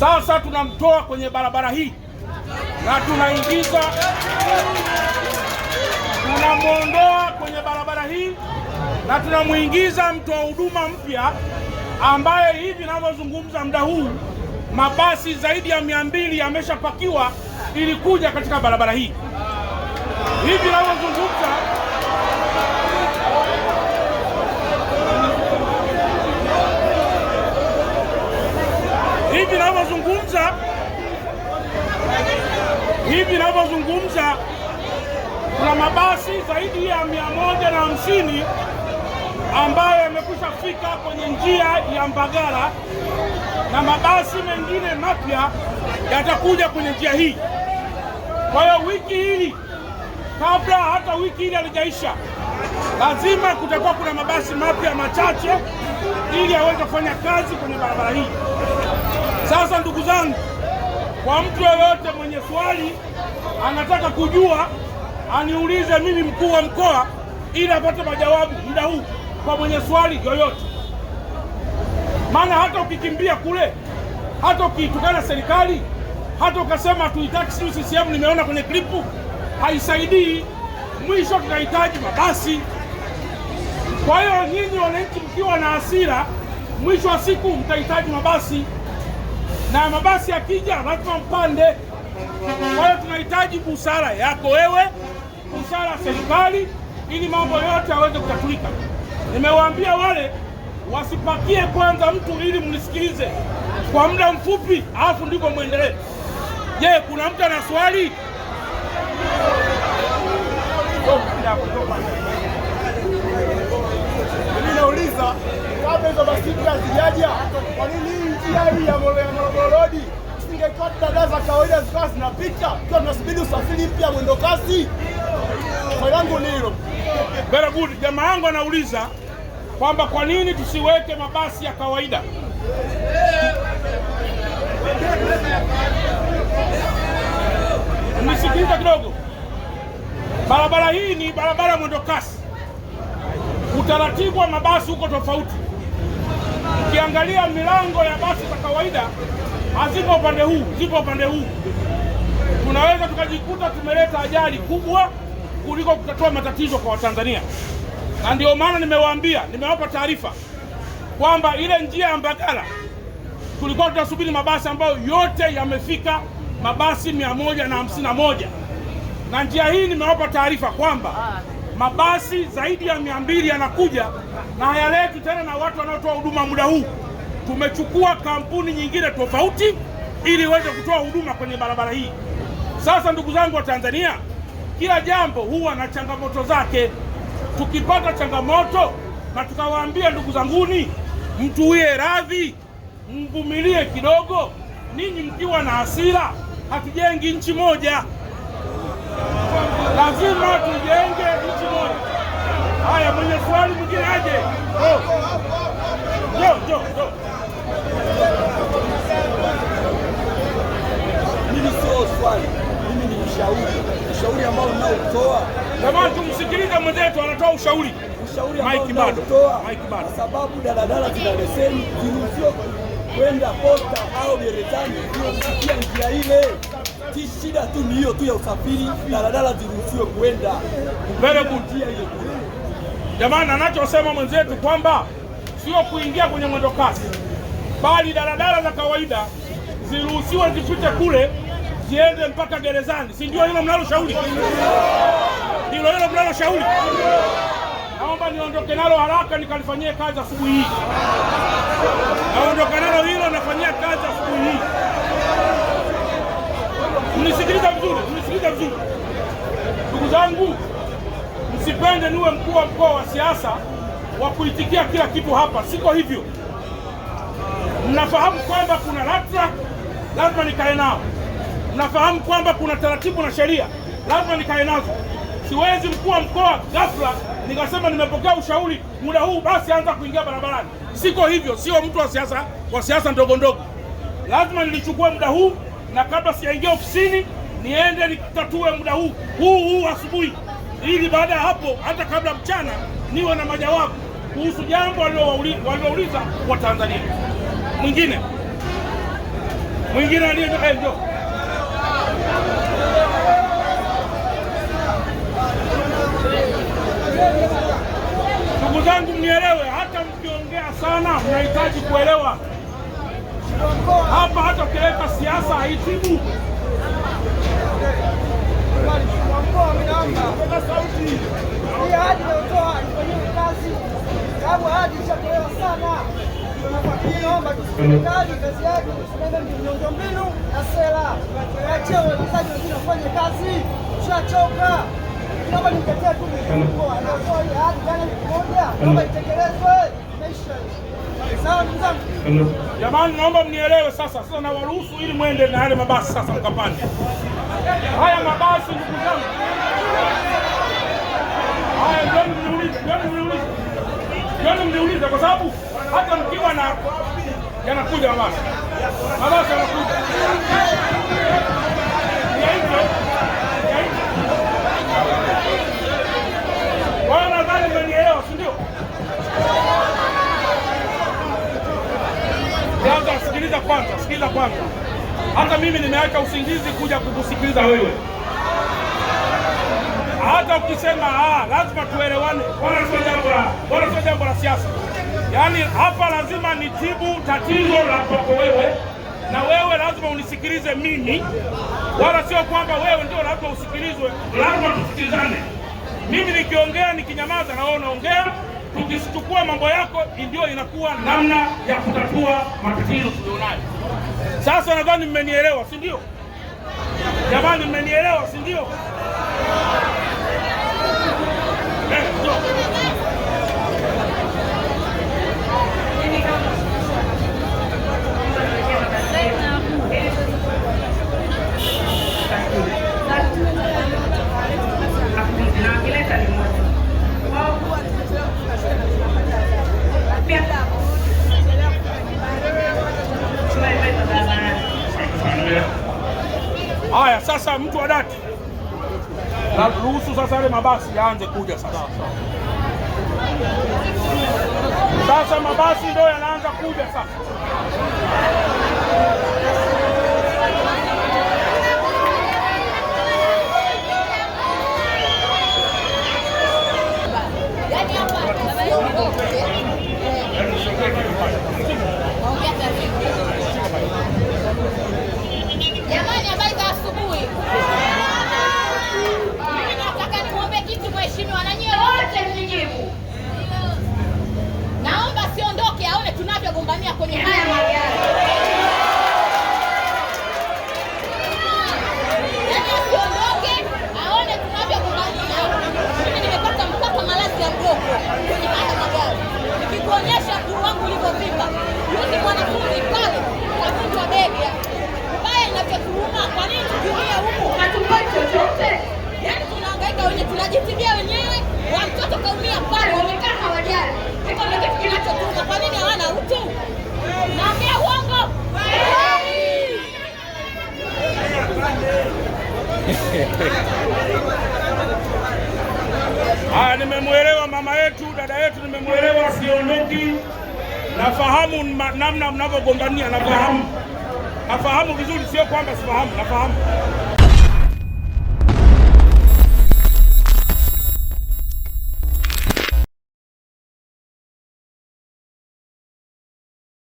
Sasa tunamtoa kwenye barabara hii na tunaingiza, tunamwondoa kwenye barabara hii na tunamwingiza mtoa huduma mpya ambaye hivi ninavyozungumza muda huu mabasi zaidi ya mia mbili yameshapakiwa ili kuja katika barabara hii hivi ninavyozungumza hivi ninavyozungumza, hivi ninavyozungumza kuna mabasi zaidi ya mia moja na hamsini ambayo yamekwisha fika kwenye njia ya Mbagala na mabasi mengine mapya yatakuja kwenye njia hii. Kwa hiyo wiki hili, kabla hata wiki hili halijaisha, lazima kutakuwa kuna mabasi mapya machache ili yaweze kufanya kazi kwenye barabara hii. Sasa ndugu zangu, kwa mtu yeyote mwenye swali anataka kujua aniulize mimi mkuu wa mkoa, ili apate majawabu muda huu kwa mwenye swali yoyote, maana hata ukikimbia kule, hata ukiitukana serikali, hata ukasema tuitaki sisi CCM, nimeona kwenye klipu haisaidii. Mwisho tunahitaji mabasi. Kwa hiyo nyinyi wananchi mkiwa na hasira, mwisho wa siku mtahitaji mabasi na mabasi yakija lazima mpande. Kwa hiyo tunahitaji busara yako wewe, busara serikali, ili mambo yote yaweze kutatulika. Nimewaambia wale wasipakie kwanza mtu ili mnisikilize kwa muda mfupi, alafu ndipo mwendelee. Je, kuna mtu ana swali? Oh, kuuliza kabla hizo masikika hazijaja. kwa nini hii njia hii ya Morogoro Road singekuwa dada za kawaida zikawa zinapita kwa tunasubiri usafiri mpya mwendo kasi? Swali ni hilo. Very good. Jamaa yangu anauliza kwamba kwa nini tusiweke mabasi ya kawaida Nisikiliza kidogo. Barabara hii ni barabara mwendo kasi. Utaratibu wa mabasi uko tofauti. Ukiangalia milango ya basi za kawaida hazipo upande huu, zipo upande huu. Tunaweza tukajikuta tumeleta ajali kubwa kuliko kutatua matatizo kwa Watanzania, na ndio maana nimewaambia, nimewapa taarifa kwamba ile njia ya Mbagala tulikuwa tunasubiri mabasi ambayo yote yamefika, mabasi mia moja na hamsini na moja na njia hii nimewapa taarifa kwamba mabasi zaidi ya mia mbili yanakuja na hayaleti tena na watu wanaotoa huduma muda huu. Tumechukua kampuni nyingine tofauti ili iweze kutoa huduma kwenye barabara hii. Sasa ndugu zangu wa Tanzania, kila jambo huwa na changamoto zake. Tukipata changamoto na tukawaambia ndugu zanguni, mtuwie radhi, mvumilie kidogo, ninyi mkiwa na hasira hatujengi nchi moja, lazima tujenge Haya, mwenye swali mwingine aje. Njoo, njoo, njoo. Mimi sio swali, mimi ni ushauri, ushauri ambao ninaotoa. Jamani, tumsikilize mwenzetu anatoa ushauri ushauri Mike bado Mike bado, sababu daladala zina leseni, ziruhusiwe kwenda posta au gerezani kupitia njia ile. Shida tu ni hiyo tu ya usafiri, daladala ziruhusiwe kwenda kupitia njia Jamani, anachosema mwenzetu kwamba sio kuingia kwenye mwendo kasi, bali daladala za kawaida ziruhusiwe zipite kule ziende mpaka gerezani, si ndio? Hilo mnalo shauri ndilo hilo mnalo shauri. Naomba niondoke nalo haraka nikalifanyie kazi asubuhi hii, naondoka nalo hilo, nafanyia kazi asubuhi hii. Mnisikiliza vizuri, mnisikiliza vizuri ndugu zangu usipende niwe mkuu wa mkoa wa siasa wa kuitikia kila kitu hapa, siko hivyo. Mnafahamu kwamba kuna LATRA, lazima nikae nao. Mnafahamu kwamba kuna taratibu na sheria, lazima nikae nazo. Siwezi mkuu wa mkoa ghafla nikasema nimepokea ushauri muda huu, basi anza kuingia barabarani. Siko hivyo, sio mtu wa siasa wa siasa ndogo ndogo. Lazima nilichukue muda huu, na kabla sijaingia ofisini niende nitatue muda huu huu huu asubuhi ili baada ya hapo hata kabla mchana niwe na majawabu kuhusu jambo walilouliza wa Tanzania. Mwingine mwingine aliyetoka ndio ndugu zangu, mnielewe. Hata mkiongea sana, mnahitaji kuelewa hapa. Hata ukileta siasa haitibu hii ahadi inayotoa ifanyie Naomba jamani, naomba mnielewe sasa. Sasa nawaruhusu ili mwende na yale mabasi sasa, mkapande haya mabasi, ndugu zangu, haya njoni mniulize, kwa sababu hata mkiwa na yanakuja mabasi, mabasi yanakuja Nadhani Sikiliza kwanza, sikiliza kwanza hata mimi nimeacha usingizi kuja kukusikiliza wewe. Hata ukisema ah, lazima tuelewane, bora sio jambo la sio jambo la siasa. Yaani hapa lazima nitibu tatizo la kwako wewe, na wewe lazima unisikilize mimi, wala sio kwamba wewe ndio lazima usikilizwe. Lazima tusikilizane. Mimi nikiongea nikinyamaza, na wewe unaongea tukisichukua mambo yako, ndio inakuwa namna ya kutatua matatizo tulionayo. Sasa nadhani mmenielewa, si ndio? Jamani, mmenielewa, si ndio? Haya, sasa mtu wa dati na sasa yale mabasi yaanze kuja sasa. Sasa mabasi ndio yanaanza kuja sasa. Mwelewa siondoki. Nafahamu namna mnavyogombania, nafahamu, nafahamu vizuri, sio kwamba sifahamu, nafahamu.